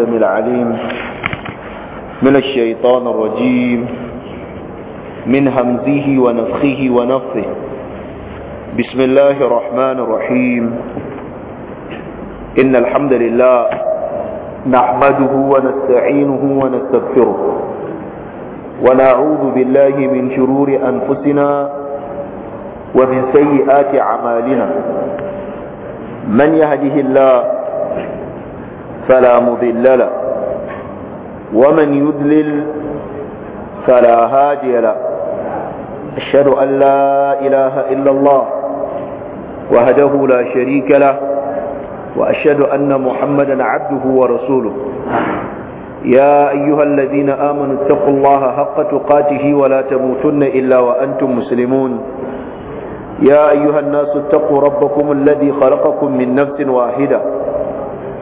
السميع العليم من الشيطان الرجيم من همزه ونفخه ونفخه بسم الله الرحمن الرحيم إن الحمد لله نحمده ونستعينه ونستغفره ونعوذ بالله من شرور أنفسنا ومن سيئات أعمالنا من يهده الله فلا مضل له ومن يدلل فلا هادي له أشهد أن لا إله إلا الله وهده لا شريك له وأشهد أن محمدا عبده ورسوله يا أيها الذين آمنوا اتقوا الله حق تقاته ولا تموتن إلا وأنتم مسلمون يا أيها الناس اتقوا ربكم الذي خلقكم من نفس واحدة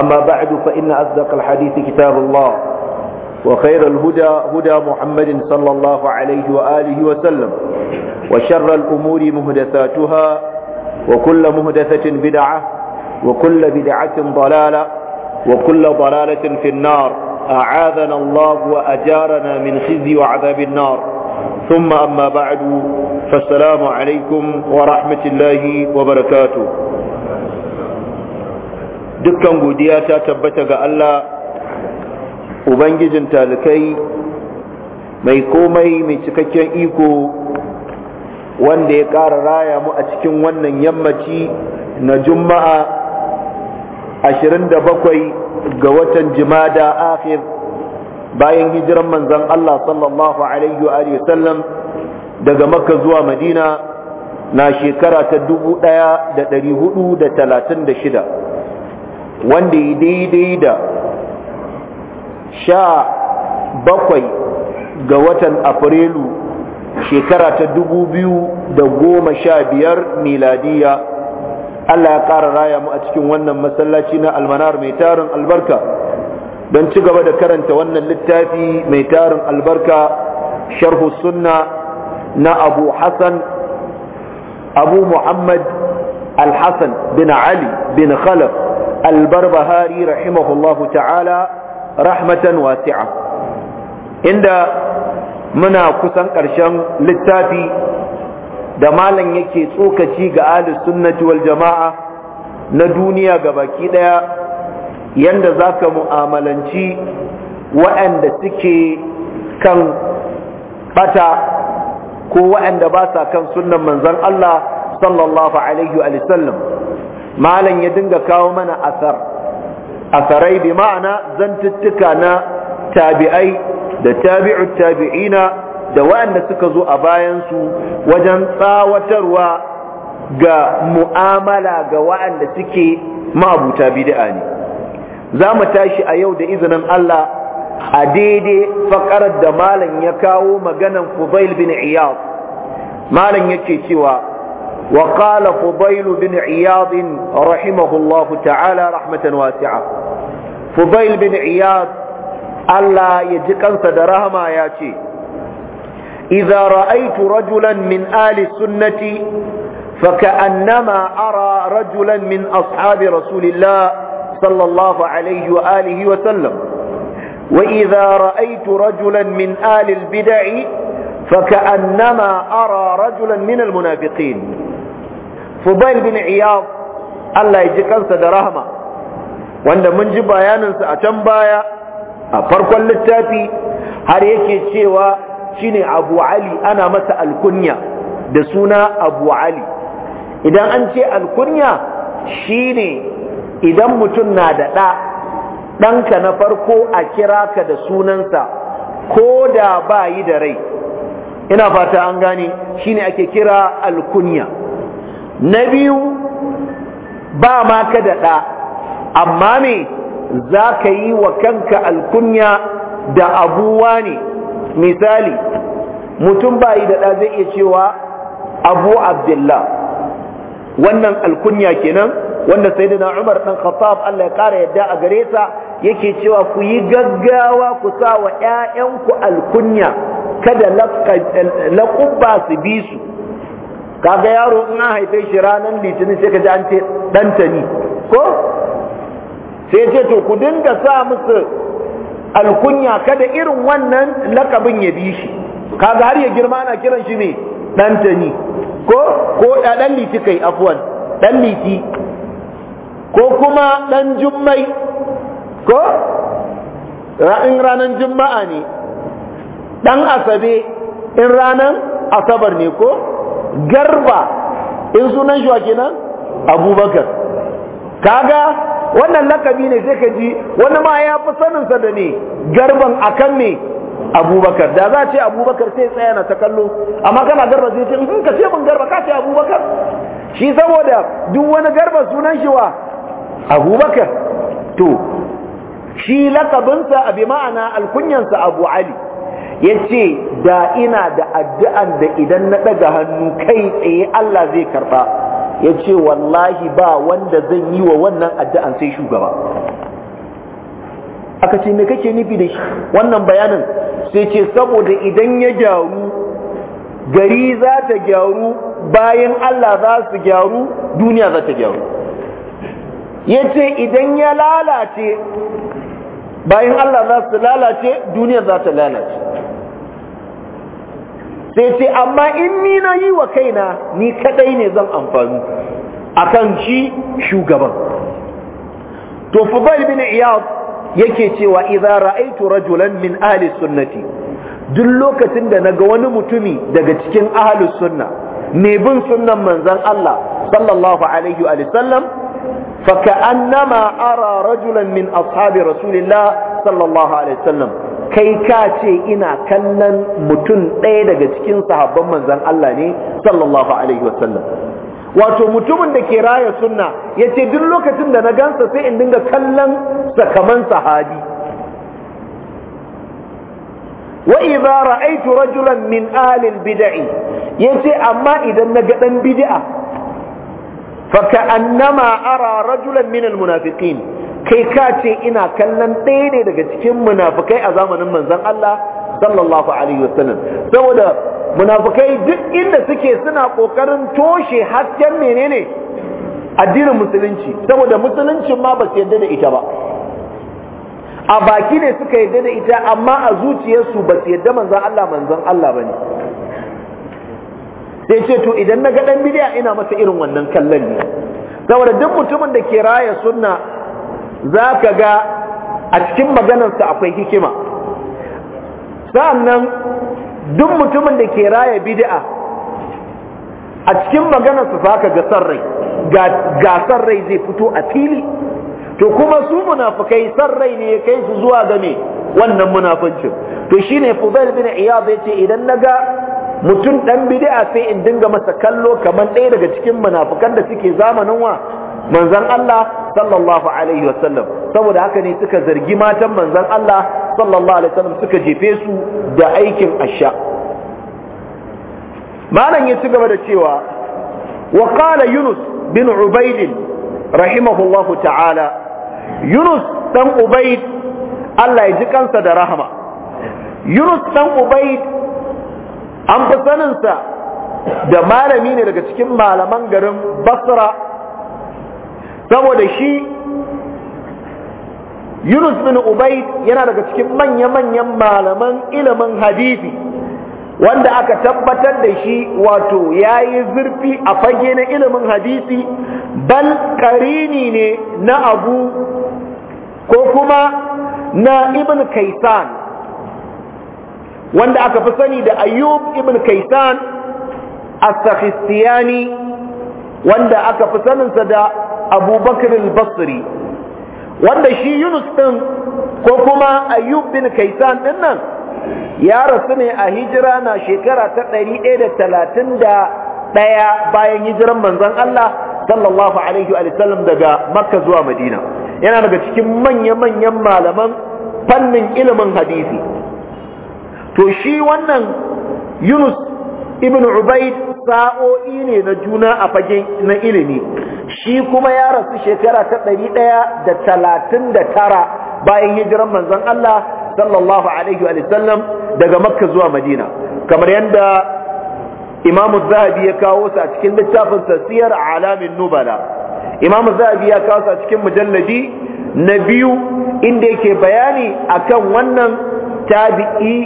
أما بعد فإن أصدق الحديث كتاب الله وخير الهدى هدى محمد صلى الله عليه وآله وسلم وشر الأمور مهدثاتها وكل مهدثة بدعة وكل بدعة ضلالة وكل ضلالة في النار أعاذنا الله وأجارنا من خزي وعذاب النار ثم أما بعد فالسلام عليكم ورحمة الله وبركاته dukkan godiya ta tabbata ga Allah ubangijin talikai mai komai mai cikakken iko wanda ya ƙara raya mu a cikin wannan yammaci na juma'a 27 ga watan jimada akhir bayan hijiran manzan Allah sallallahu alaihi wa sallam daga makka zuwa madina na shekara ta 1436 wanda ya daidai da sha bakwai ga watan afrilu shekara ta dubu biyu da goma sha biyar miladiya Allah ya ƙara raya mu a cikin wannan masallaci na almanar mai tarin albarka don ci gaba da karanta wannan littafi mai tarin albarka sharhu sunna na abu hassan abu muhammad al-hassan bin ali bin khalaf albarbahari rahimahullahu ta'ala rahmatan wasi'a inda muna kusan ƙarshen littafi da malam yake tsokaci ga ahlus sunnati wal jama'a na duniya ga baki ɗaya yanda za ka mu'amalanci waɗanda suke kan ɓata ko waɗanda ba sa kan sunnan manzon Allah sallallahu alaihi wa sallam malam ya dinga kawo mana asar asarai bi ma'ana zantuttuka na tabi'ai da tabi'u tabi'ina da waɗanda suka zo a bayansu wajen tsawatarwa ga mu'amala ga waɗanda suke ma'abuta bid'a ne za mu tashi a yau da izinin Allah a daidai fakarar da malam ya kawo maganan Fudail bin Iyad malam yake cewa وقال فضيل بن عياض رحمه الله تعالى رحمة واسعة فضيل بن عياض ألا يجكن صدرهما ياتي إذا رأيت رجلا من آل السنة فكأنما أرى رجلا من أصحاب رسول الله صلى الله عليه وآله وسلم وإذا رأيت رجلا من آل البدع فكأنما أرى رجلا من المنافقين fubail bin Iyab Allah ya ji kansa da rahama wanda mun ji bayaninsa a can baya a farkon littafi har yake cewa shine abu ali ana masa alkunya da suna abu ali idan an ce alkunya shine idan mutum na da ɗa ɗanka na farko a kira ka da sunansa ko da ba yi da rai ina fata an gane shine ake kira alkunya na biyu ba ma ka da ɗa amma me za ka yi wa kanka alkunya da abuwa ne misali mutum ba yi da ɗa zai iya cewa abu abdullah wannan alkunya kenan wanda sai da umar ɗan khattab Allah ya ƙara yadda a gare sa yake cewa ku yi gaggawa ku sa wa ‘ya'yanku alkunya kada eh, laƙubba su bi su kaga yaro in an haife shi ranar litinin sai ka ji an ce ɗanta ni ko sai ce to ku dinga sa musu alkunya kada irin wannan lakabin ya bi shi kaga har ya girma ana kiran shi ne ɗanta ni ko ko ɗan liti kai afuwan ɗan liti ko kuma ɗan jummai ko in ranar juma'a ne ɗan asabe in ranar asabar ne ko garba in sunan shi wa kenan abubakar kaga wannan lakabi ne sai ka ji wani ma ya fi saninsa da ne garban akan ne abubakar da za ce abubakar sai tsaya na ta kallo amma kana garba sai ce in hmm, ka ce mun garba ka ce abubakar shi saboda duk wani garba sunan shi wa abubakar to shi lakabinsa a bi ma'ana alkunyansa abu ali ya ce da ina da addu'an da idan na ɗaga hannu kai tsaye Allah zai karɓa ya ce wallahi ba wanda zan yi wa wannan addu'an sai shugaba aka ce me kake nufi da wannan bayanin sai ce saboda idan ya gyaru gari za ta gyaru bayan Allah za su gyaru duniya za ta gyaru ya ce idan ya lalace bayan Allah za su lalace duniya za ta lalace sai ce amma in ni na yi wa kaina ni kadai ne zan amfani akan shi shugaban to fudail bin iyad yake cewa idza ra'aytu rajulan min ahli sunnati duk lokacin da naga wani mutumi daga cikin ahli sunna mai bin sunnan manzon Allah sallallahu alaihi wa sallam fa ka'annama ara rajulan min ashabi rasulillah sallallahu alaihi kai ka ce ina kallon mutum ɗaya daga cikin sahabban manzan Allah ne sallallahu alaihi wasallam wato mutumin da ke raya sunna ya ce duk lokacin da na gansa sai in dinga kallon sakaman sahabi wa idza ra'aytu rajulan min ahli al-bid'i yace amma idan na ga dan bid'a fa annama ara rajulan min al-munafiqin kai ka ce ina kallon ɗaya ne daga cikin munafukai a zamanin manzon Allah sallallahu alaihi wasallam saboda munafukai duk inda suke suna kokarin toshe hasken menene addinin musulunci saboda musuluncin ma ba su yadda da ita ba a baki ne suka yarda da ita amma a zuciyarsu ba su yadda manzon Allah manzon Allah bane sai ce to idan na ga dan bid'a ina masa irin wannan kallon ne saboda duk mutumin da ke raya sunna za ka ga a cikin maganarsa akwai hikima sa'annan duk mutumin da ke raya bid'a a cikin maganarsa za ka ga san rai ga san rai zai fito a fili to kuma su munafukai san rai ne ya kai su zuwa ga wannan munafancin to shine Fudail bin Iyad ce idan na ga mutum ɗan bid'a sai in dinga masa kallo kamar ɗaya daga cikin munafukan da suke zamanin wa manzon Allah sallallahu alaihi wasallam saboda haka ne suka zargi matan manzon Allah sallallahu alaihi wasallam suka jefe su da aikin asha malam ya ci gaba da cewa wa qala yunus bin ubayd rahimahullahu ta'ala yunus dan ubayd Allah ya ji kansa da rahama yunus dan ubayd an fi saninsa da malami ne daga cikin malaman garin basra saboda shi Yunus bin Ubaid yana daga cikin manya-manyan malaman ilimin hadisi wanda aka tabbatar da shi wato ya yi zurfi a fage na ilimin hadisi bal karini ne na abu ko kuma na ibn kaisan wanda aka fi sani da ayyub ibn kaisan a wanda aka fi saninsa da abubakar al-basri wanda shi yunus din ko kuma ayyub bin kaisan din nan ya rasu ne a hijira na shekara ta 131 bayan hijiran manzon Allah sallallahu alaihi wa sallam daga makka zuwa madina yana daga cikin manya-manyan malaman fannin ilimin hadisi to shi wannan yunus ibn ubaid sa'o'i ne na juna a fage na ilimi shi kuma ya rasu shekara ta ɗari ɗaya da talatin da tara bayan hijiran manzon Allah sallallahu alaihi wa sallam daga makka zuwa madina kamar yadda imamu zahabi ya kawo sa cikin littafin sasiyar alamin nubala imamu zahabi ya kawo sa cikin mujalladi na biyu inda yake bayani akan wannan tabi'i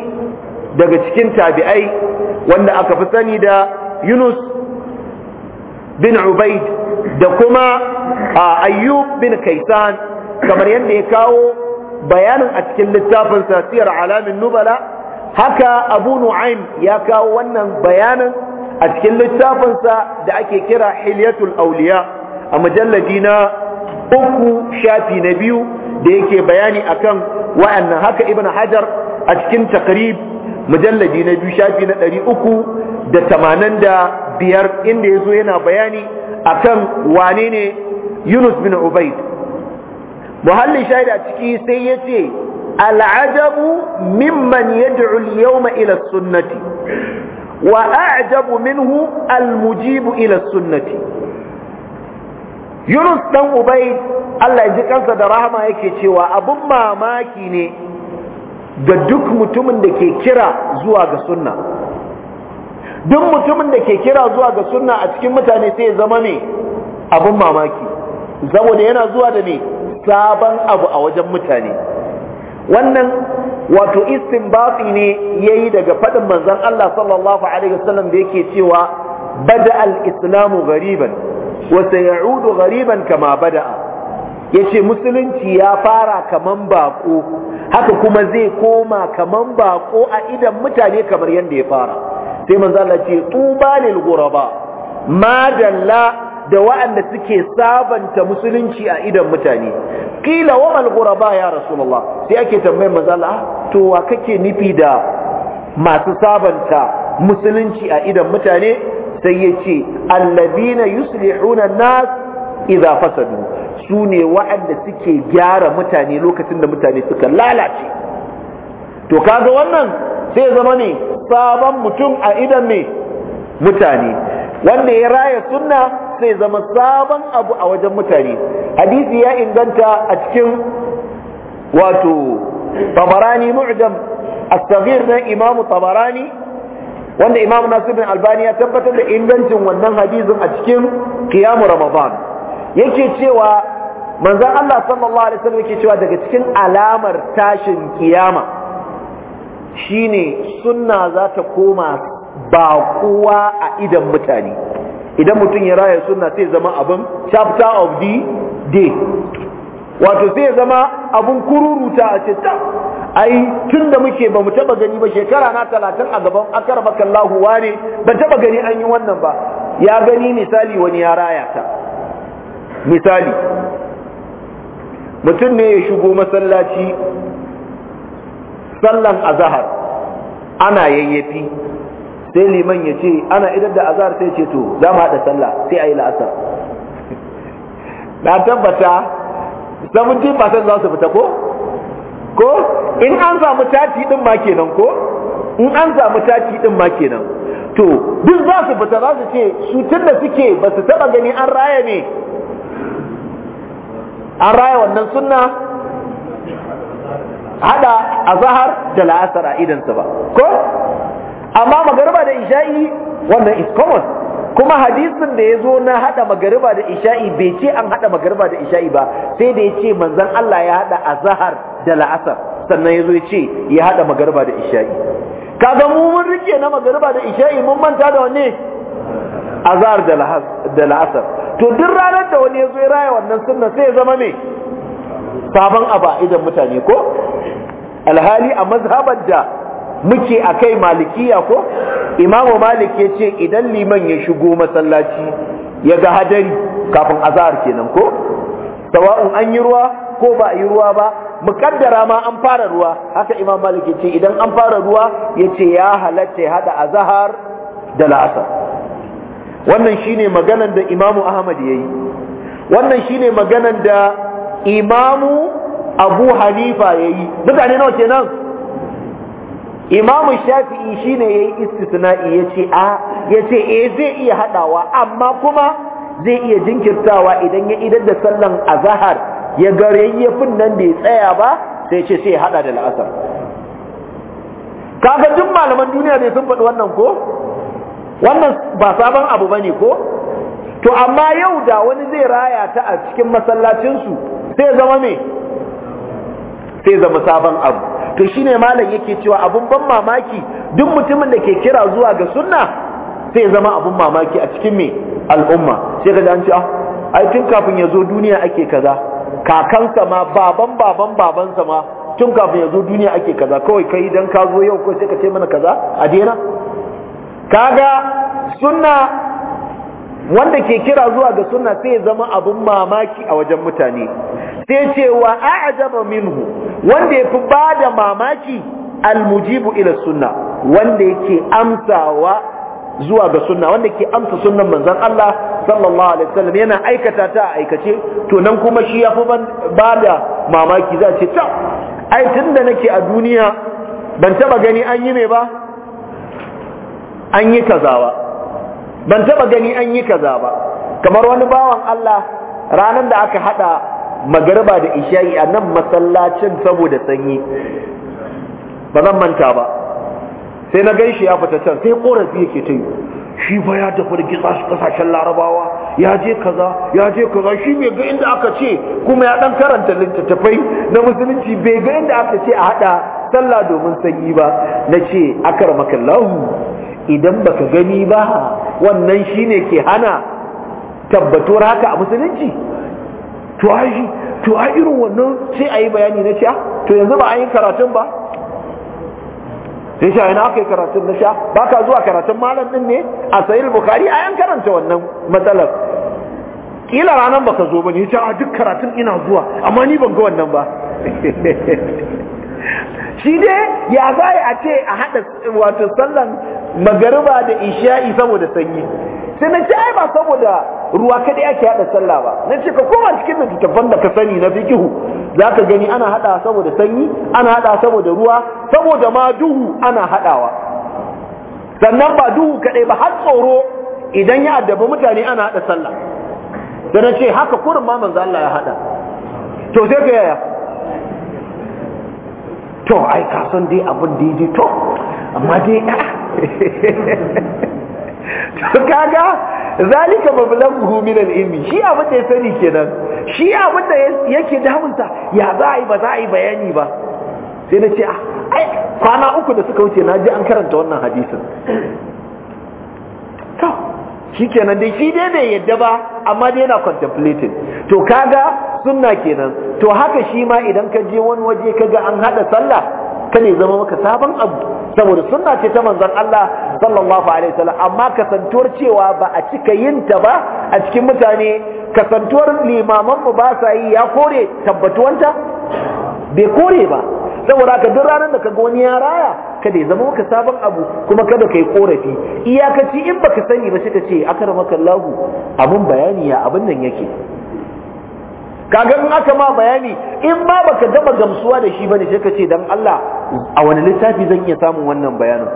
daga cikin tabi'ai wanda aka fi sani da Yunus bin Ubaid da kuma Ayyub bin Kaisan kamar yadda ya kawo bayanin a cikin littafin sasiyar alamin nubala haka Abu Nu'aim ya kawo wannan bayanin a cikin littafinsa da ake kira Hilyatul Auliya a mujalladi na uku shafi na biyu da yake bayani akan wa'annan haka Ibn Hajar a cikin takrib mujalladi na biyu shafi na ɗari uku da tamanin da biyar inda ya zo yana bayani akan wane ne yunus bin ubaid muhallin shaida a ciki sai ya ce al'ajabu mimman yad'u al-yawma ila sunnati wa a'jabu minhu almujibu ila sunnati yunus dan ubaid Allah ya ji kansa da rahama yake cewa abun mamaki ne ga duk mutumin da ke kira zuwa ga sunna duk mutumin da ke kira zuwa ga sunna a cikin mutane sai ya zama ne abin mamaki saboda yana zuwa da ne sabon abu a wajen mutane wannan wato istinbati ne yayi daga faɗin manzon Allah sallallahu alaihi wasallam da yake cewa bada al-islamu ghariban wa sayaudu ghariban kama bada'a ya ce musulunci ya fara kaman bako haka kuma zai koma kaman bako a idan mutane kamar yadda ya fara sai manzo ce tuba lil madalla da wa'anda suke sabanta musulunci a idan mutane kila wa ya rasulullah sai ake tambayin manzo ah, to wa kake nufi da masu sabanta musulunci a idan mutane sai ya ce allazina yuslihuna nas idza fasadu su ne waɗanda suke gyara mutane lokacin da mutane suka lalace to kaga wannan sai zama ne sabon mutum a idan ne mutane wanda ya raya sunna sai zama sabon abu a wajen mutane hadisi ya inganta a cikin wato tabarani mu'jam as-saghir na imamu tabarani wanda imamu nasir bin albani ya tabbatar da ingancin wannan hadisin a cikin qiyamu ramadan yake cewa manzon Allah sallallahu alaihi wasallam yake cewa daga cikin alamar tashin kiyama shine sunna za ta koma bakuwa a idan mutane idan mutum ya raya sunna sai zama abin chapter of the day wato sai zama abin kururuta a ce ta ai tunda muke ba mu taba gani ba shekara na talatin a gaban akara bakallahu wane ba taba gani an yi wannan ba ya gani misali wani ya raya ta misali mutum ne ya shigo masallaci sallan azahar ana yayyafi sai liman ya ce ana idar da azahar sai ce to za mu haɗa sallah sai a yi la'asar na tabbata 70% za su fita ko ko in an samu tati din ma kenan ko in an samu tati din ma kenan to duk za su fita za su ce su tunda suke ba su taba gani an raya ne an raya wannan sunna hada zahar da la'asar a idansa ba ko amma magariba da isha'i wannan is common kuma hadisin da ya zo na hada magariba da isha'i bai ce an hada magariba da isha'i ba sai da ya ce manzon Allah ya hada zahar da la'asar sannan ya zo ya ce ya hada magariba da isha'i kaga mu mun rike na magariba da isha'i mun manta da wanne azhar da la'asar to duk ranar da wani ya zo ya raya wannan sunna sai ya zama me sabon abu a idan mutane ko alhali a mazhabar da muke a kai malikiya ko imamu malik ya ce idan liman ya shigo masallaci ya ga hadari kafin azahar kenan ko sawa'un an yi ruwa ko ba a yi ruwa ba mukaddara ma an fara ruwa haka imam malik ya ce idan an fara ruwa ya ce ya halatta ya hada azahar da la'asar wannan shine maganan da imamu ahmad ya yi wannan shine maganan da imamu abu hanifa ya yi mutane nawa kenan imamu shafi'i shine ya yi istisna'i ya ce a ya ce eh zai iya haɗawa amma kuma zai iya jinkirtawa idan ya idar da sallan azahar ya gare yayin nan bai tsaya ba sai ce sai ya haɗa da la'asar kaga duk malaman duniya ne sun faɗi wannan ko wannan ba sabon abu bane ko to amma yau da wani zai raya ta a cikin masallacinsu sai zama me sai zama sabon abu to shine malam yake cewa abun ban mamaki duk mutumin da ke kira zuwa ga sunna sai zama abun mamaki a cikin me al'umma sai ka an ce ah ai tun kafin ya zo duniya ake kaza kakansa ma baban baban babansa ma tun kafin ya zo duniya ake kaza kawai kai dan ka zo yau kawai sai ka ce mana kaza a daina kaga sunna wanda ke kira zuwa ga sunna sai ya zama abun mamaki a wajen mutane sai cewa wa a'jaba minhu wanda yafi bada mamaki almujibu ila sunna wanda yake amsawa zuwa ga sunna wanda ke amsa sunnan manzon Allah sallallahu alaihi wasallam yana aikata ta a aikace to nan kuma shi yafi bada mamaki za ce ta ai tunda nake a duniya ban taba gani an yi me ba an yi kaza ba ban taba gani an yi kaza ba kamar wani bawan Allah ranar da aka hada magarba da isha'i a nan masallacin saboda sanyi ba zan manta ba sai na gaishe ya fita can sai korafi yake ta yi shi ba ya tafi da shi kasashen larabawa ya je kaza ya je kaza shi bai ga inda aka ce kuma ya dan karanta littattafai na musulunci bai ga inda aka ce a hada sallah domin sanyi ba na ce akar makallahu idan baka gani ba wannan shine ke hana tabbatuwar haka a musulunci to ai to ai irin wannan sai ayi bayani na sha to yanzu ba a yi karatun ba sai sha yana aka yi karatun na sha ba ka zuwa karatun malam din ne a sayil bukari a yan karanta wannan matsalar kila ranar baka zo ba ne ya ce a ah, duk karatun ina zuwa amma ni ban ga wannan ba shi dai ya za a ce a haɗa wato sallan magariba da isha'i saboda sanyi sai na ce ai ba saboda ruwa kaɗai ake haɗa sallah ba na ce ka koma cikin littattafan da ka sani na fikihu za ka gani ana haɗa saboda sanyi ana haɗa saboda ruwa saboda ma duhu ana haɗawa sannan ba duhu kaɗai ba har tsoro idan ya addabi mutane ana haɗa salla. sai na ce haka kurin ma manzo Allah ya haɗa to sai ka yaya to ai kasan dai abin da yi to amma dai ah. to kaga zalika mablaghu min al-ilmi shi abin da ya sani kenan shi abin da yake damunta ya za a yi ba za a yi bayani ba sai na ce ah, ai kwana uku da suka wuce na ji an karanta wannan hadisin to Shi kenan dai shi dai bai yadda ba amma dai yana contemplating to kaga sunna kenan to haka shi ma idan ka je wani waje ka ga an hada sallah ka ne zama maka sabon abu saboda sunna ce ta manzon Allah sallallahu alaihi wasallam amma kasantuwar cewa ba a cika yin ta ba a cikin mutane kasantuwar limaman mu ba sa yi ya kore tabbatuwanta bai kore ba saboda ka duk ranar da kaga wani ya raya kada ya zama maka sabon abu kuma kada kai korafi iyakaci in baka sani ba shi ka ce akramaka Allah abun bayani ya abun nan yake kaga in aka ma bayani in ma baka gama gamsuwa da shi bane sai ka ce dan Allah a wani littafi zan iya samun wannan bayanin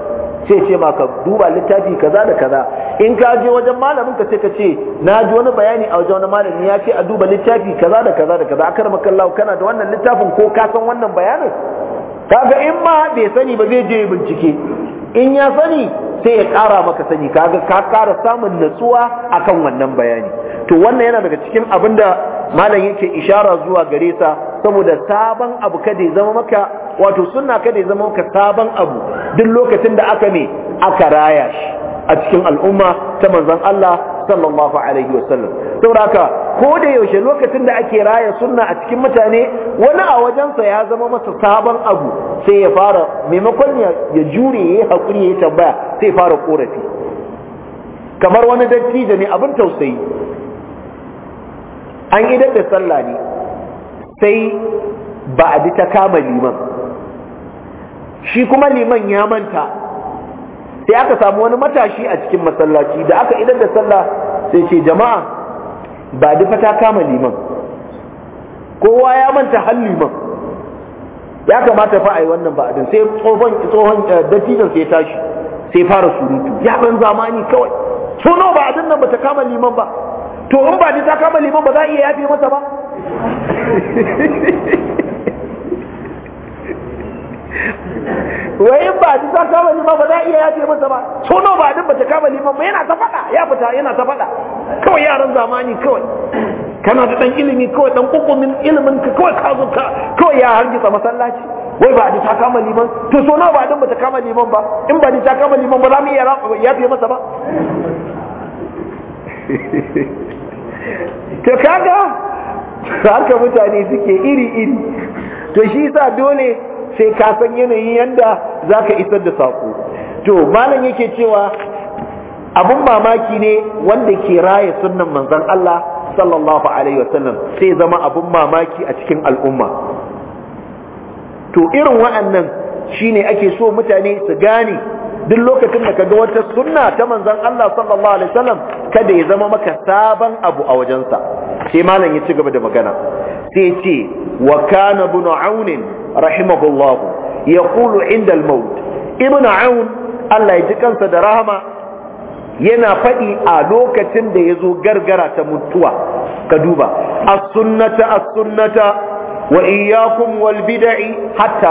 sai ce ma ka duba littafi kaza da kaza in ka je wajen malamin ka sai ka ce na ji wani bayani a wajen wani malami ya ce a duba littafi kaza da kaza da kaza akar makallahu kana da wannan littafin ko ka san wannan bayanin kaga in ma bai sani ba zai je bincike in ya sani sai ya kara maka sani kaga ka kara samun natsuwa akan wannan bayani to wannan yana daga cikin abin da malam yake ishara zuwa gare sa saboda sabon abu kada ya zama maka wato sunna kada ya zama maka sabon abu duk lokacin da aka ne aka raya shi a cikin al'umma ta manzon Allah sallallahu alaihi wasallam saboda haka ko da yaushe lokacin da ake raya sunna a cikin mutane wani a wajensa ya zama masa sabon abu sai ya fara maimakon ya jure ya hakuri ya tambaya sai fara korafi kamar wani dattijo ne abin tausayi an idan da sallah ne sai ba a bi ta kama liman shi kuma liman ya manta sai aka samu wani matashi a cikin masallaci da aka idan da sallah sai ce jama'a ba dufa ta kama liman kowa ya manta har liman ya kamata fa a yi wannan ba din sai tsohon tsohon eh, dattijan sai tashi sai fara surutu ya ban zamani kawai so nawa ba din nan ba ta kama liman ba to in ba ta kama liman ba za a iya yafe masa ba wai in ba ta kama liman ba za a iya yafe masa ba so nawa ba din ba ta kama liman ba yana ta faɗa ya fita yana ta faɗa kawai yaran zamani kawai kana da dan ilimi kawai dan kukumin ilimin ka kawai ka zo ka kawai ya hargitsa masallaci wai ba ta kama liman to so nawa ba din ba ta kama liman ba in ba ta kama liman ba za mu iya yafe masa ba to kaga ka mutane suke iri iri to shi sa dole sai ka san yanayin yanda za ka isar da saƙo to malam yake cewa abun mamaki ne wanda ke raya sunan Manzan Allah sallallahu alaihi wasallam sai zama abun mamaki a cikin al'umma to irin wa'annan shine ake so mutane su gane duk lokacin da kaga wata sunna ta Manzan Allah sallallahu alaihi wasallam kada ya zama maka sabon abu a wajensa sai malam ya ci gaba da magana sai ce wa kana ibn rahimahullahu yaqulu inda al ibn aun Allah ya ji da rahama yana faɗi a lokacin da ya zo gargara ta mutuwa ka duba as-sunnata as-sunnata wa iyyakum wal bid'i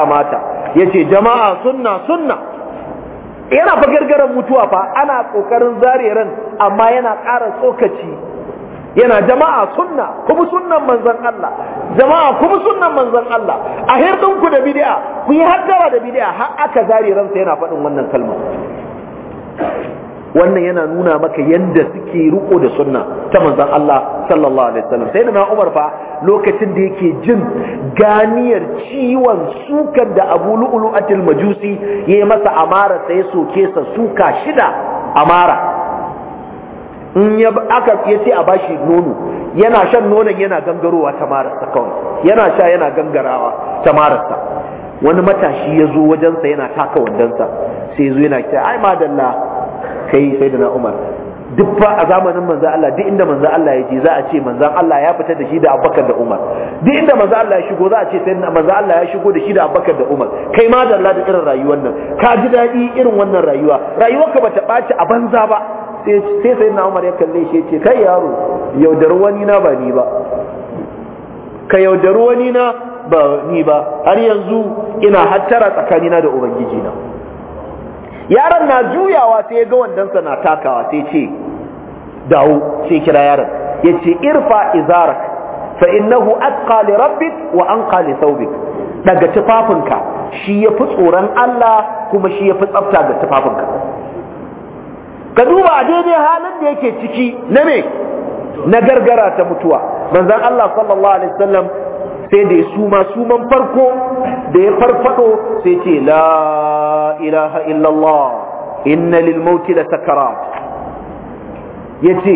mata yace jama'a sunna sunna yana fa gargaran mutuwa fa ana kokarin zare ran amma yana ƙara tsokaci yana jama'a sunna kuma sunnan manzon Allah jama'a kuma sunnan manzon Allah a hirdin ku da bid'a ku yi haddara da bid'a har aka zare ransa yana faɗin wannan kalma wannan yana nuna maka yadda suke riko da sunna ta manzon Allah sallallahu alaihi wasallam sai na Umar fa lokacin da yake jin ganiyar ciwon sukan da Abu Lu'lu'atil Majusi yayi masa amara sai soke sa suka shida amara in ya aka ya ce a bashi nono yana shan nonon yana gangarowa ta marasa kawai yana sha yana gangarawa ta marasa wani matashi ya zo wajensa yana taka wadansa. sai zo yana cewa ai madalla kai sai da na umar duk fa a zamanin manzan Allah duk inda manzan Allah ya je za a ce manzan Allah ya fita da shi da Abubakar da Umar duk inda manzan Allah ya shigo za a ce sai manzan Allah ya shigo da shi da Abubakar da Umar kai ma da da irin rayuwar nan ka ji daɗi irin wannan rayuwa rayuwar ka bata ɓaci a banza ba sai sai na umar ya kalle shi ce kai yaro yaudar wani na ba ni ba ka yaudar wani na ba ni ba har yanzu ina hattara tsakanina da ubangiji na yaron na juyawa sai ya ga wandansa na takawa sai ce dawo sai kira yaron Yace irfa izarak fa innahu atqa li rabbik wa anqa li thawbik daga tufafinka shi yafi tsoron Allah kuma shi yafi tsafta ga tufafinka ka duba a daidai halin da yake ciki na me na gargara ta mutuwa manzan Allah sallallahu alaihi wasallam sai da ya suma suman farko da ya farfado sai ce la ilaha illallah inna lil mauti la sakarat yace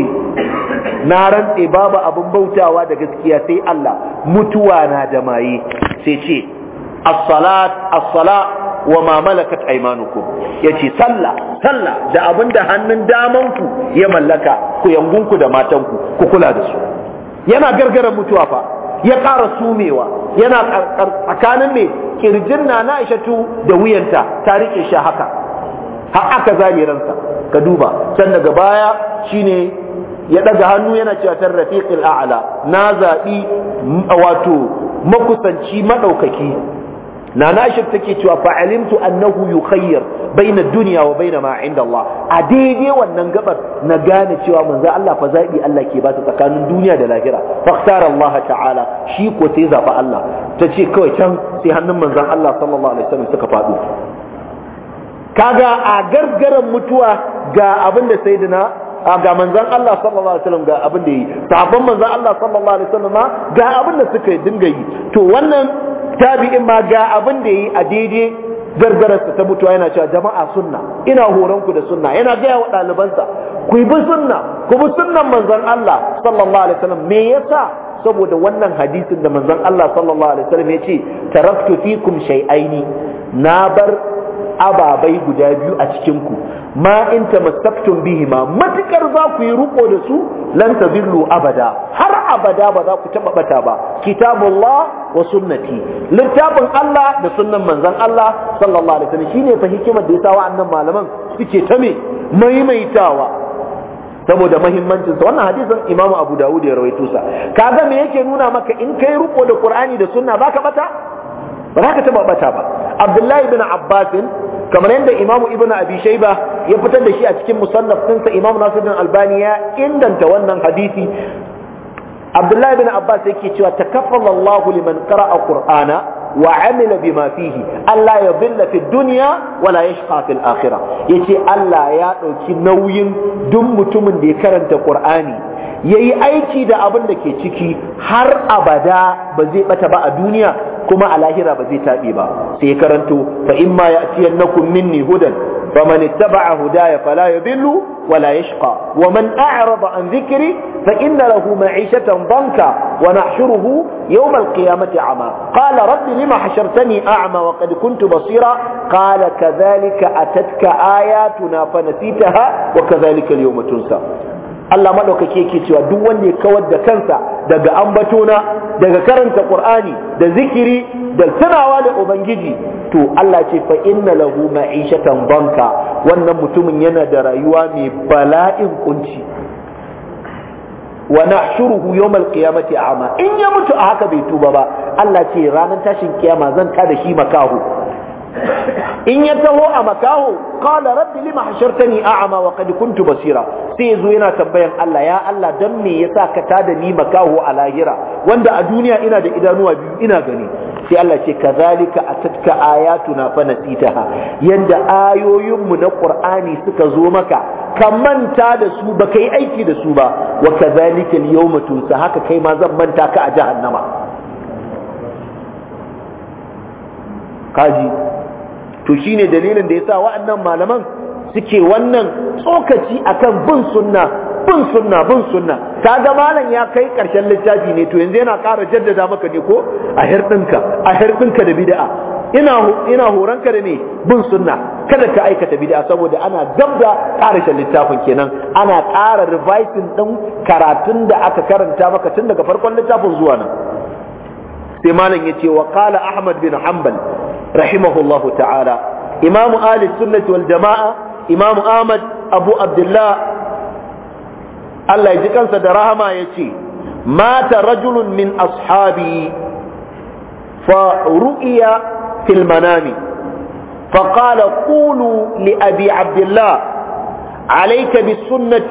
na rantse babu abin bautawa da gaskiya sai Allah mutuwa na da maye sai ce as-salat as-salat wa ma malakat aymanukum yace sallah sallah da da hannun damanku ya mallaka ku yangunku da matanku ku kula da su yana gargara mutuwa fa ya ƙara sumewa yana tsakanin me kirjin na na ishatu da wuyanta ta rike shi haka har aka zame ransa ka duba san daga baya shine ya daga hannu yana cewa tar rafiqil a'la na zabi wato makusanci madaukaki na nashir take cewa fa alimtu annahu yukhayyar baina dunya wa baina ma inda Allah a daidai wannan gabar na gane cewa manzo Allah fa zabi Allah ke ba ta tsakanin duniya da lahira fakhtar Allah ta'ala shi ko sai zaba Allah tace kawai can sai hannun manzon Allah sallallahu alaihi wasallam suka fado kaga a gargaran mutuwa ga abin da sayyidina ga manzan Allah sallallahu alaihi wasallam ga abin da yi sahabban manzan Allah sallallahu alaihi wasallam ga abin da suka dinga yi to wannan tabi'in ma ga abin da yi a daidai gargararsa ta mutuwa yana cewa jama'a sunna ina horon ku da sunna yana gaya wa ɗalibansa ku bi sunna ku bi sunnan manzon Allah sallallahu alaihi wasallam me yasa saboda wannan hadisin da manzon Allah sallallahu alaihi wasallam ya ce taraktu fikum shay'aini na bar ababai guda biyu a cikinku ma in tamassaktum ma, matukar za ku yi riko da su lan tadillu abada har abada ba za ku taba bata ba kitabullah wa sunnati littafin Allah da sunnan manzon Allah sallallahu alaihi wasallam shine fa hikimar da yasa wa'annan malaman suke ta me maimaitawa saboda muhimmancin sa wannan hadisin Imam Abu Dawud ya rawaito sa kaga me yake nuna maka in kai riko da Qur'ani da sunna baka bata ba za ka taba ɓata ba abdullahi bin abbasin kamar yadda imamu ibn abi shaiba ya fitar da shi a cikin musannaf ɗinsa imam bin albani ya inganta wannan hadisi abdullahi bin abbas yake cewa takaffala allahu liman qara'a qur'ana wa amila bima fihi allah ya billa fi dunya wala yashqa fil akhirah yace allah ya dauki nauyin duk mutumin da ya karanta qur'ani yayi aiki da abin da ke ciki har abada ba zai bata ba a duniya kuma a lahira ba zai taɓe ba sai karanto fa in ma ya'tiyannakum minni hudan faman ittaba'a hudaya fala yadhillu wala yashqa wa man a'rada an dhikri fa inna lahu ma'ishatan danka wa nahshuruhu yawm al-qiyamati a'ma qala rabbi lima hashartani a'ma wa qad kuntu basira qala kadhalika atatka ayatuna fa nasitaha wa kadhalika al-yawma tunsa Allah maɗaukaki yake cewa duk wanda ya kawar da kansa daga ambatona daga karanta Qur'ani da zikiri da tunawa da ubangiji to Allah ce fa inna lahu ma'ishatan banka wannan mutumin yana da rayuwa mai bala'in kunci wa nahshuruhu yawmal qiyamati a'ma in ya mutu a haka bai tuba ba Allah ce ranar tashin kiyama zan ta da shi makahu in ya taho a makaho kala rabbi lima hashartani a'ma wa qad kuntu basira sai yazo yana tambayan Allah ya Allah dan me yasa ka tada ni makaho a lahira wanda a duniya ina da idanuwa biyu ina gani sai Allah ce kazalika atatka ayatuna fa nasitaha yanda ayoyinmu na Qur'ani suka zo maka ka manta da su ba kai aiki da su ba wa kazalika al-yawma tunsa haka kai ma zan manta ka a jahannama kaji to shine dalilin da ya sa wa'annan malaman suke wannan tsokaci akan bin sunna bin sunna bin sunna kaga malam ya kai karshen littafi ne to yanzu yana ƙara jaddada maka ne ko a hirɗinka a hirɗinka da bid'a ina ina horanka da ne bin sunna kada ka aikata bid'a saboda ana dabda ƙarashin littafin kenan ana ƙara revising ɗin karatun da aka karanta maka tun daga farkon littafin zuwa nan sai malam yace wa ahmad bin hanbal rahimahullahu ta'ala imamu Ali sunnati wal jamaa imamu ahmad abu abdullah Allah ya ji kansa da rahama yace mata rajulun min ashabi fa ru'iya fil manami فقال قولوا لأبي عبد الله عليك بالسنة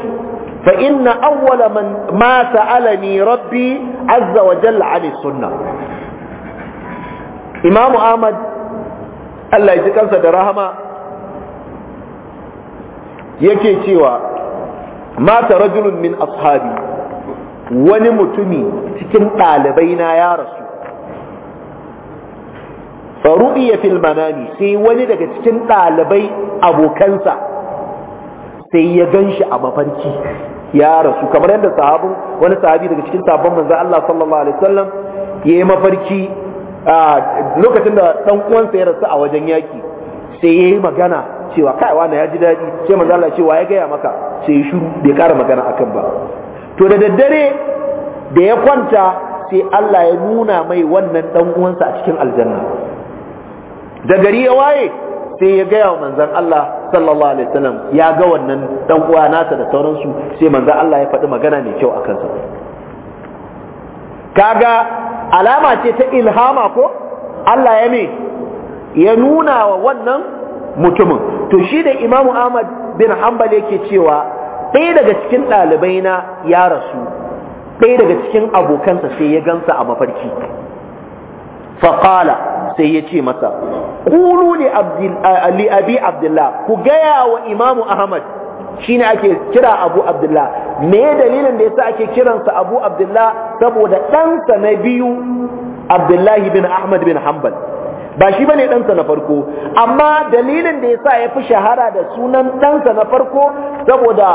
فإن أول من ما سألني ربي عز وجل عن السنة imamu ahmad allah ya ji kansa da rahama yake cewa mata rajulun min ashabi wani mutumi cikin ɗalibaina ya rasu faruɗiya fil manami sai wani daga cikin ɗalibai abokansa sai ya gan shi a mafarki ya rasu kamar yadda sahabin wani sahabi daga cikin sabon manzo Allah sallallahu alaihi wasallam ya yi mafarki lokacin da dan uwansa ya rasu a wajen yaki sai yayi magana cewa kai wani ya ji daɗi sai manzo Allah cewa ya gaya maka sai ya shiru bai ƙara magana akan ba to da daddare da ya kwanta sai Allah ya nuna mai wannan dan uwansa a cikin aljanna da gari ya waye sai ya gaya wa manzan Allah sallallahu alaihi wasallam ya ga wannan dan uwa nasa da sauransu sai manzan Allah ya faɗi magana mai kyau akan sa kaga alama ce ta ilhama ko Allah ya me ya nuna wa wannan mutumin to shi da imamu ahmad bin hanbal yake cewa ɗaya daga cikin ɗalibai na ya rasu ɗaya daga cikin abokansa sai ya gansa a mafarki faƙala sai ya ce masa ƙulu li abi abdullah ku gaya wa imamu ahmad shine ake kira abu abdullah me dalilin da yasa ake kiransa abu abdullah saboda ɗansa na biyu abdullahi bin ahmad bin hanbal ba shi bane ɗansa na farko amma dalilin da yasa ya fi shahara da sunan ɗansa na farko saboda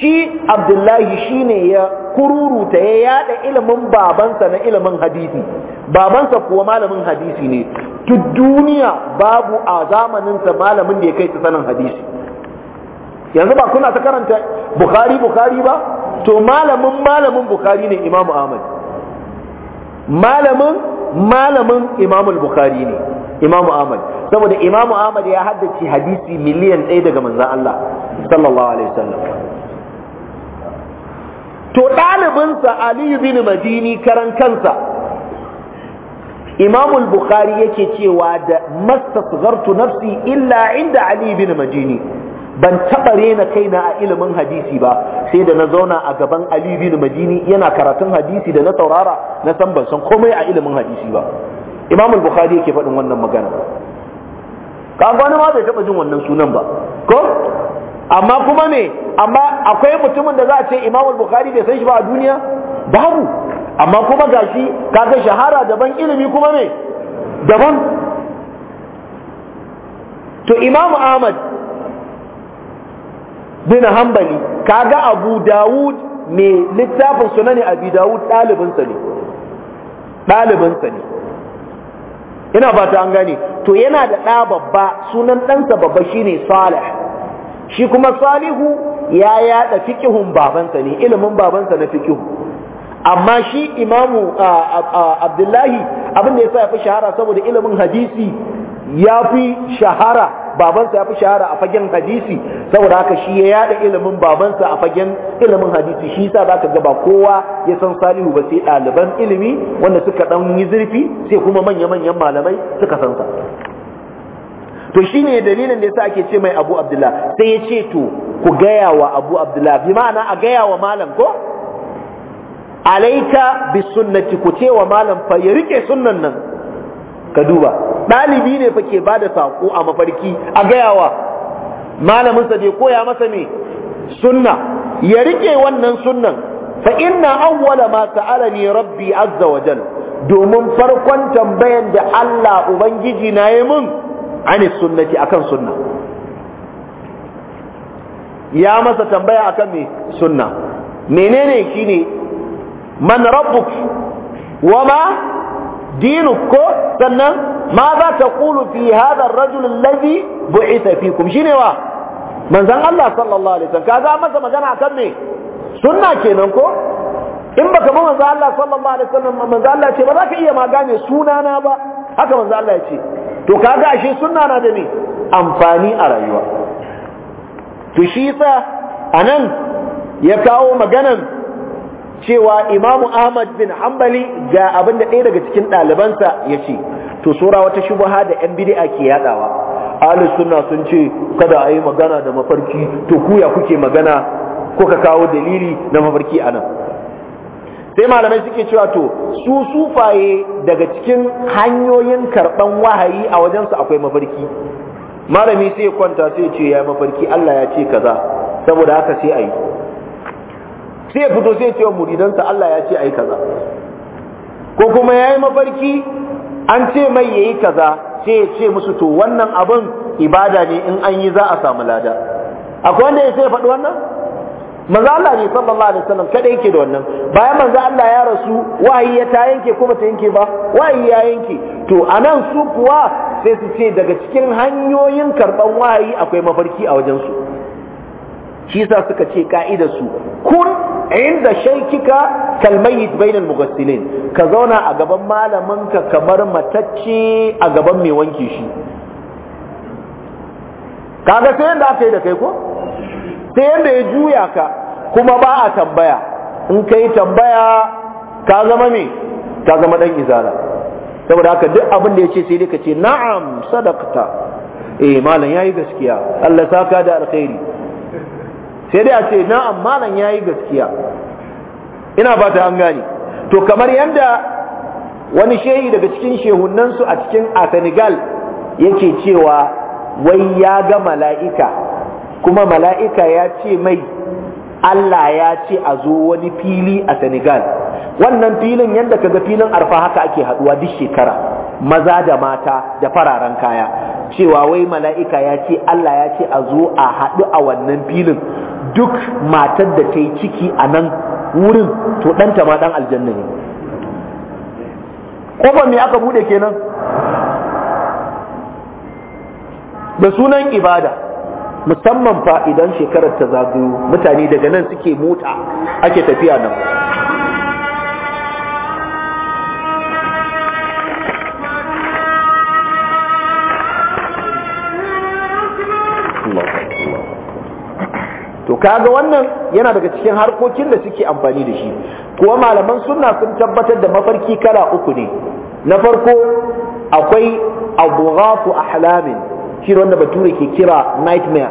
shi abdullahi shine ya kururuta ya yada ilimin babansa na ilimin hadisi babansa kuwa malamin hadisi ne duk duniya babu a zamaninsa malamin da ya kai ta sanin hadisi yanzu ba kuna ta karanta bukhari bukhari ba to malamin malamin bukhari ne imamu ahmad malamin malamin imamu bukhari ne imamu ahmad saboda imamu ahmad ya haddace hadisi miliyan ɗaya daga manzan allah sallallahu alaihi wasallam to ɗalibinsa aliyu bin madini karan kansa imamu bukhari yake cewa da masta nafsi illa inda aliyu bin madini ban taɓa rena kaina a ilimin hadisi ba sai da na zauna a gaban Ali bin Madini yana karatun hadisi da na saurara na san ban san komai a ilimin hadisi ba Imam al-Bukhari yake faɗin wannan magana ka wani ma bai taɓa jin wannan sunan ba ko amma kuma me amma akwai mutumin da za a ce Imam al-Bukhari bai san shi ba a duniya babu amma kuma gashi kaga shahara daban ilimi kuma me daban to Imam Ahmad bin hambali kaga abu dawud mai littafin ne abu dawud ɗalibinsa ne ɗalibinsa ne ina fata an gane to yana da ɗa babba sunan ɗansa babba shine salih shi kuma salihu ya yaɗa fikihun babansa ne ilimin babansa na fikihu amma shi imamu abdullahi abin da ya sa ya fi shahara saboda ilimin hadisi ya fi shahara babansa ya fi shahara a fagen hadisi saboda haka shi ya yada ilimin babansa a fagen ilimin hadisi shi yasa zaka ga ba kowa ya san Salihu ba sai ɗaliban ilimi wanda suka dan yi zurfi sai kuma manya-manyan malamai suka san sa to shine dalilin da yasa ake ce mai Abu Abdullah sai ya ce to ku gaya wa Abu Abdullah bi ma'ana a gaya wa malam ko alaika bi sunnati ku ce wa malam fa ya rike sunnan nan ka duba ɗalibi ne fa ke ba da saƙo a mafarki a gayawa malamin sa bai koya masa me sunna ya rike wannan sunnan fa inna awwala ma sa'alani rabbi azza wa jal domin farkon tambayan da Allah ubangiji na yi mun ani sunnati akan sunna ya masa tambaya akan me sunna menene shine man rabbuk ma. dinu ko sannan ma za ta kulu fi hadha ar-rajul alladhi kum. Shi ne wa manzon Allah sallallahu alaihi wasallam kaga masa magana akan me sunna kenan ko in baka ba manzon Allah sallallahu alaihi wasallam manzon Allah ce ba za ka iya ma gane na ba haka manzon Allah ya ce to kaga ashe sunna na da me amfani a rayuwa to shi yasa anan ya kawo maganan cewa imamu ahmad bin hanbali ga abin da ɗaya daga cikin ɗalibansa ya ce to sura wata shubaha da yan bid'a ke yadawa Ali sunna sun ce kada a yi magana da mafarki to kuya kuke magana ko ka kawo dalili na mafarki a nan sai malamai suke cewa to su sufaye daga cikin hanyoyin karɓan wahayi a wajensu akwai mafarki malami sai kwanta sai ce ya mafarki Allah ya ce kaza saboda haka sai a yi sai ya fito sai ce wa muridansa Allah ya ce ayi kaza ko kuma yayi mafarki an ce mai yayi kaza sai ya ce musu to wannan abin ibada ne in an yi za a samu lada akwai wanda ya sai faɗi wannan manzo Allah ne sallallahu alaihi wasallam kada yake da wannan bayan manzo Allah ya rasu wahayi ya ta yanke kuma ta yanke ba wahayi ya yanke to anan su kuwa sai su ce daga cikin hanyoyin karban wahayi akwai mafarki a wajen su shi yasa suka ce ka'idar su kun inda shaykika kalmayit bainal mughasilin ka zauna a gaban malamin kamar matacci a gaban mai wanke shi kaga sai yanda aka yi da kai ko sai yanda ya juya ka kuma ba a tambaya in kai tambaya ka zama me ka zama dan izala saboda haka duk abinda ya ce sai dai ka ce na'am sadaqta e malam yayi gaskiya Allah saka da alkhairi sai dai a ce na na'am ya yi gaskiya ina ba ta an gane to kamar yadda wani shehi daga cikin shehunansu a cikin a Senegal yake cewa wai ya ga mala'ika kuma mala'ika ya ce mai Allah ya ce a zo wani fili a Senegal wannan filin yadda ka ga filin arfa haka ake haduwa duk shekara maza da mata da fararen kaya cewa wai mala'ika ya ce Allah ya ce a zo a haɗu a wannan filin duk matar da ta yi ciki a nan wurin to ɗanta ma ɗan aljanna ne ƙofar me aka buɗe kenan da sunan ibada musamman fa idan shekarar ta zagayo mutane daga nan suke mota ake tafiya nan kaga wannan yana daga cikin harkokin da suke amfani da shi kuwa malaman sunna sun tabbatar da mafarki kala uku ne na farko akwai abughafu ahlamin shi wanda bature ke kira nightmare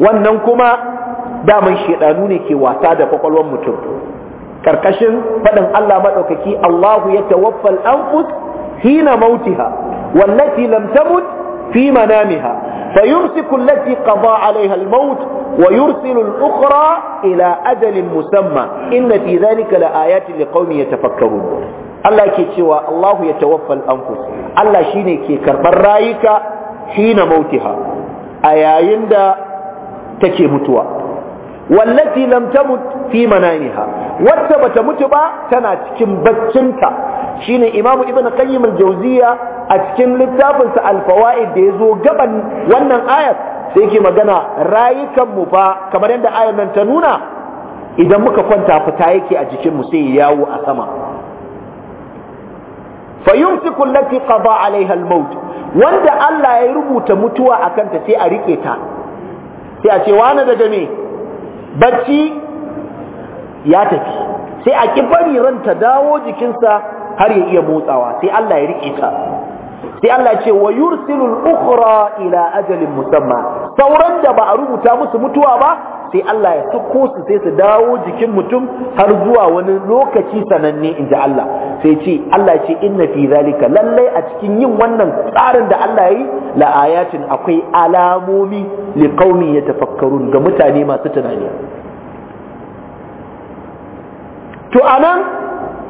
wannan kuma daman shedanu ne ke wasa da kwakwalwar mutum karkashin faɗin Allah maɗaukaki Allahu ya tawaffal anfus hina mautiha wallati lam tamut fi manamiha فيرسك التي قضى عليها الموت ويرسل الأخرى إلى أجل مسمى إن في ذلك لآيات لقوم يتفكرون الله كي سوى الله يتوفى الأنفس الله شيني كي كربر رايك حين موتها أيايند تكي متوى والتي لم تمت في منامها واتبت متبا تنا تكن shine imamu Ibn Qayyim al-Jawziya a cikin littafinsa al-Fawaid da yazo gaban wannan ayat sai yake magana rayukan mu fa kamar yadda ayat nan ta nuna idan muka kwanta fita yake a jikin mu sai yawo a sama fayumsiku allati qada alaiha al-maut wanda Allah ya rubuta mutuwa akan ta sai a rike ta sai a ce wani daga me bacci ya tafi sai a ki bari ran ta dawo jikinsa har ya iya motsawa sai Allah ya rike ta sai Allah ce wa yursilul ukhra ila ajalin musamma sauran da ba a rubuta musu mutuwa ba sai Allah ya sako su sai su dawo jikin mutum har zuwa wani lokaci sananne in ji Allah sai ce Allah ce inna fi zalika lallai a cikin yin wannan tsarin da Allah yi la ayatin akwai alamomi li qaumin yatafakkarun ga mutane masu tunani to anan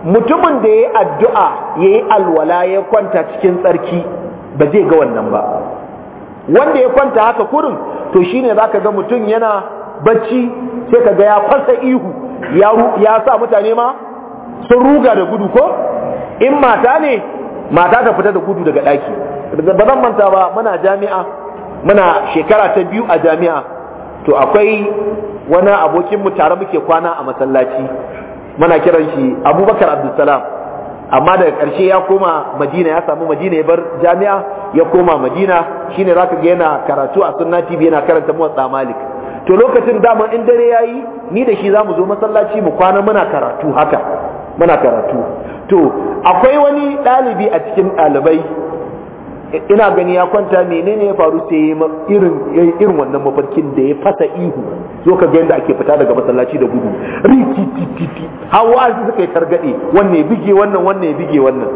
mutumin da ya yi addu'a yayi alwala ya kwanta cikin tsarki ba zai ga wannan ba wanda ya kwanta haka kurin to shine zaka ga mutum yana bacci sai ka ga ya fasa ihu ya sa mutane ma sun ruga da gudu ko in mata ne mata ta fita da gudu daga daki ba zan manta ba muna jami'a muna shekara ta biyu a jami'a to akwai wani abokinmu tare muke kwana a masallaci muna kiran shi abubakar abdulsalam amma daga karshe ya koma madina ya samu madina ya bar jami'a ya koma madina shine zaka ga yana karatu a sunna tv yana karanta muwatta malik to lokacin dama in dare yayi ni da shi zamu zo masallaci mu kwana muna karatu haka muna karatu to akwai wani ɗalibi a cikin ɗalibai ina gani ya kwanta menene ya faru sai irin irin wannan mafarkin da ya fasa ihu zo ka ga yadda ake fita daga masallaci da gudu titi hawa su suka yi targade wannan ya bige wannan wannan ya bige wannan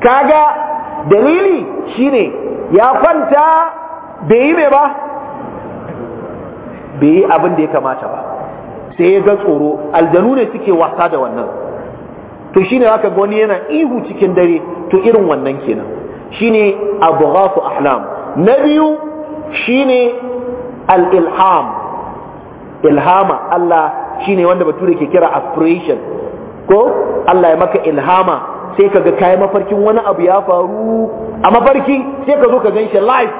kaga dalili shine ya kwanta bai yi mai ba bai yi abin da ya kamata ba sai ya ga tsoro aljanu ne suke wasa da wannan to shine zaka ga wani yana ihu cikin dare to irin wannan kenan shine abghasu ahlam na biyu shine al-ilham ilhama Allah shine wanda bature ke kira aspiration ko Allah ya maka ilhama sai kaga kai mafarkin wani abu ya faru a mafarki sai ka zo ka ganshi live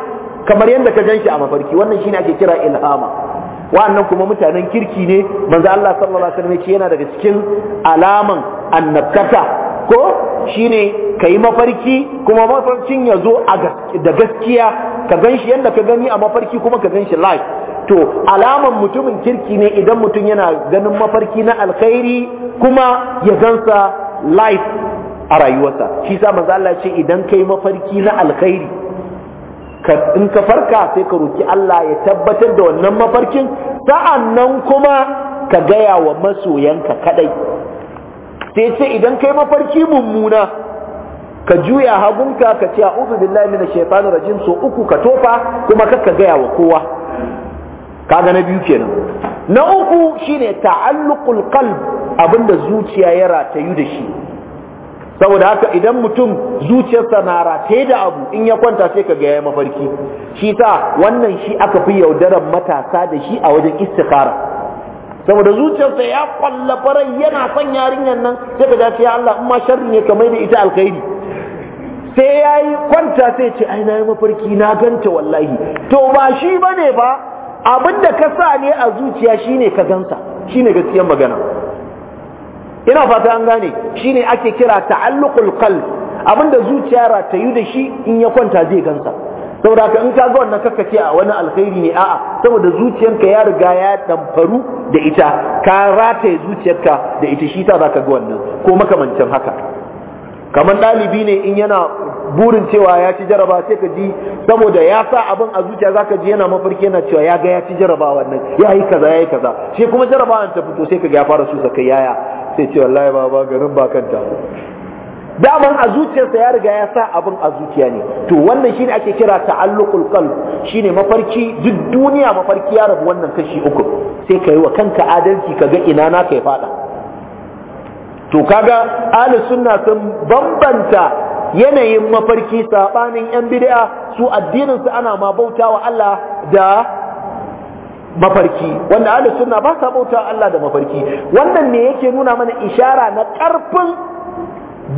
kamar yadda ka ganshi a mafarki wannan shine ake kira ilhama wa'annan kuma mutanen kirki ne manzo Allah sallallahu alaihi wasallam yake yana daga cikin alaman annabtaka ko shine ka yi mafarki kuma mafarkin ya zo da gaskiya ka gan shi yadda ka gani a mafarki kuma ka gan shi live to alaman mutumin kirki ne idan mutum yana ganin mafarki na alkhairi kuma ya gansa live a rayuwarsa shi sa manzo Allah ce idan yi mafarki na alkhairi in ka farka sai ka roki Allah ya tabbatar da wannan mafarkin sa'annan kuma ka gaya wa masoyanka kadai sai ce idan kai mafarki mummuna ka juya hagunka ka ce a'udhu billahi minash shaitanir rajim so uku ka tofa kuma kakka gaya wa kowa kaga na biyu kenan na uku shine ta'alluqul qalb abinda zuciya ya ratayu da shi saboda haka idan mutum zuciyarsa na rataye da abu in ya kwanta sai ka gaya mafarki shi ta wannan shi aka fi yaudaran matasa da shi a wajen istikhara saboda zuciyarsa ya kwallafa rai yana son yarinyar nan sai ka dace ya Allah amma ma sharri ne ka da ita alkhairi sai ya yi kwanta sai ce ai na yi mafarki na ganta wallahi to ba shi bane ba abinda ka sa ne a zuciya shine ka ganta shine gaskiyar magana ina fata an gane shine ake kira ta'alluqul qalb abinda zuciya ratayu da shi in ya kwanta zai gansa saboda ka in ka ga wannan kaka a wani alkhairi ne a'a saboda zuciyarka ya riga ya damfaru da ita ka rataye zuciyarka da ita shi ta zaka ga wannan ko makamancin haka kamar ɗalibi ne in yana burin cewa ya ci jaraba sai ka ji saboda ya sa abin a zuciya zaka ji yana mafarki yana cewa ya ga ya ci jaraba wannan ya yi kaza ya yi kaza shi kuma jarabawan ta fito sai ka ga ya fara su sakai yaya sai ce wallahi ba garin ba kanta daman a zuciyarsa ya riga ya sa abin a zuciya ne to wannan shine ake kira ta'alluqul qalb shine mafarki duk duniya mafarki ya rabu wannan kashi uku sai ka yi wa kanka adalci kaga ina na kai fada to kaga ahli sunna sun bambanta yanayin mafarki sabanin yan bid'a su addinin su ana ma bautawa Allah da mafarki wanda ahli sunna ba sa bautawa Allah da mafarki wannan ne yake nuna mana ishara na karfin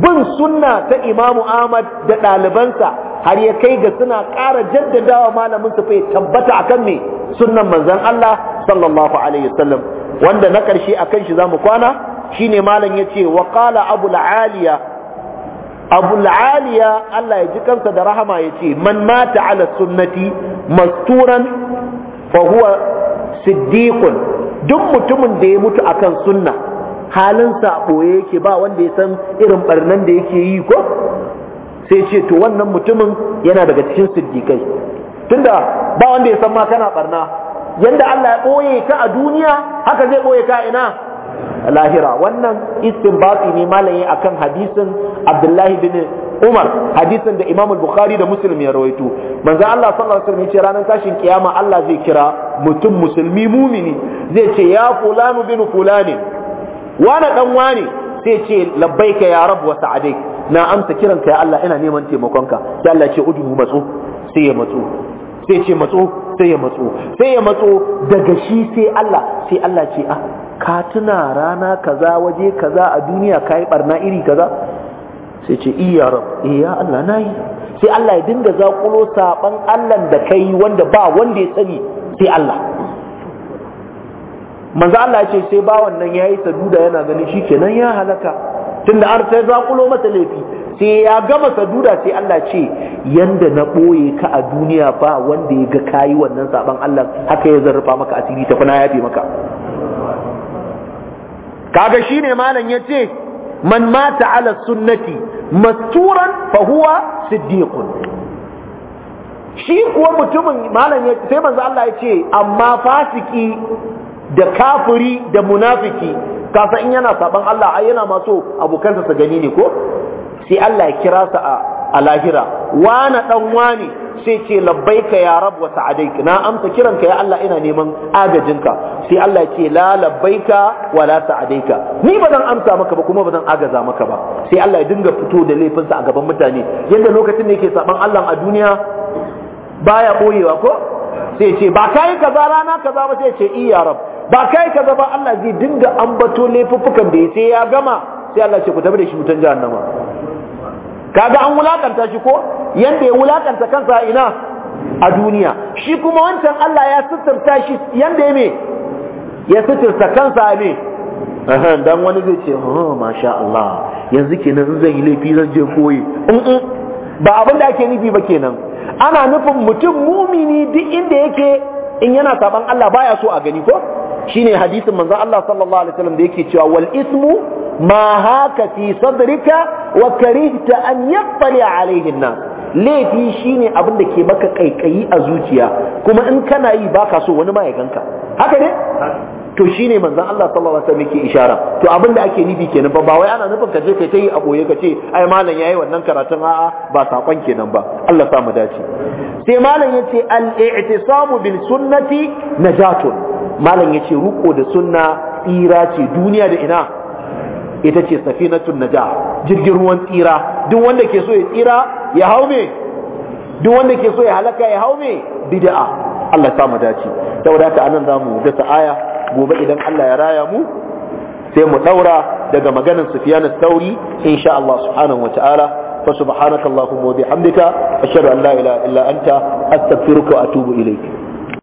bin sunna ta imamu ahmad da ɗalibansa har ya kai ga suna ƙara jaddadawa malamin su fa tabbata akan me sunnan manzon Allah sallallahu alaihi wasallam wanda na ƙarshe akan shi zamu kwana shine malam yace wa qala abul aliya aliya Allah ya ji kansa da rahama yace man mata ala sunnati masturan fa huwa siddiqun duk mutumin da ya mutu akan sunna halin sa boye yake ba wanda ya san irin barnan da yake yi ko sai ce to wannan mutumin yana daga cikin siddiqai tunda ba wanda ya san ma kana barna yanda Allah ya boye ka a duniya haka zai boye ka ina lahira wannan istinbati ne malaye akan hadisin Abdullahi bin Umar hadisin da Imam Bukhari da Muslim ya rawaito manzo Allah sallallahu alaihi wasallam ya ce ranar tashin kiyama Allah zai kira mutum musulmi mumini zai ce ya fulanu bin fulani wani dan wani sai ce labbaika ya rabu wa sa'adai na amsa kiranka ya Allah ina neman taimakonka sai Allah ce ujuhu matso sai ya matso sai ce matso sai ya matso sai ya matso daga shi sai Allah sai Allah ce ah ka tuna rana kaza waje kaza a duniya ka yi barna iri kaza sai ce iya rab eh ya Allah na yi sai Allah ya dinga zakulo saban Allah da kai wanda ba wanda ya sani sai Allah manzo Allah ya ce sai bawan nan yayi saduda yana ganin kenan ya halaka tunda har sai zakulo masa laifi sai ya gama saduda sai Allah ce yanda na ɓoye ka a duniya ba wanda ya ga kayi wannan saban Allah haka ya zarrafa maka asiri ta kuna yafe maka kaga shine malam yace man mata ala sunnati masturan fa huwa siddiqun shi kuwa mutumin malam sai manzo Allah ya ce amma fasiki da kafiri da munafiki kasa in yana saban Allah ai yana maso abokansa su gani ne ko sai Allah ya kira sa a lahira wana dan wani sai ce labbaika ya rab wa sa'adaik na amsa kiranka ya Allah ina neman agajinka sai Allah ya ce la labbaika wa la sa'adaika ni ba zan amsa maka ba kuma ba zan agaza maka ba sai Allah ya dinga fito da laifinsa a gaban mutane yadda lokacin da yake saban Allah a duniya baya boyewa ko sai ce ba kai kaza rana kaza ba sai ce i rab ba kai ka zaba Allah zai dinga ambato laifuffukan da ya sai ya gama sai Allah ce ku tafi da shi mutan jahannama kaga an wulakanta shi ko yanda ya wulakanta kansa ina a duniya shi kuma wancan Allah ya suturta shi yanda ya me ya suturta kansa ne dan wani zai ce oh masha Allah yanzu kenan zan yi laifi zan je koyi ba abin da ake nufi ba kenan ana nufin mutum mumini duk inda yake in yana saban Allah baya so a gani ko shine hadisin manzon Allah sallallahu alaihi wasallam da yake cewa wal ismu ma haka fi sadrika wa karihta an yattali alaihi nas laifi shine abin da ke maka kaikayi a zuciya kuma in kana yi baka so wani ma ya ganka haka ne to shine manzon Allah sallallahu alaihi wasallam yake ishara to abin da ake nufi kenan ba ba wai ana nufin ka je kai ta yi a boye ka ce ai malam yayi wannan karatun a'a ba sakon kenan ba Allah sa mu dace sai malam yace al-i'tisamu bil sunnati najatun malam yace ruko da sunna tsira ce duniya da ina ita ce safinatun najah jirgin ruwan tsira duk wanda ke so ya tsira ya hau me duk wanda ke so ya halaka ya hau me bid'a Allah sa mu dace saboda haka anan zamu dasa aya gobe idan Allah ya raya mu sai mu daura daga maganar Sufyan al-Thawri insha Allah subhanahu wa ta'ala fa subhanakallahumma wa bihamdika ashhadu an la ilaha illa anta astaghfiruka wa atubu ilayk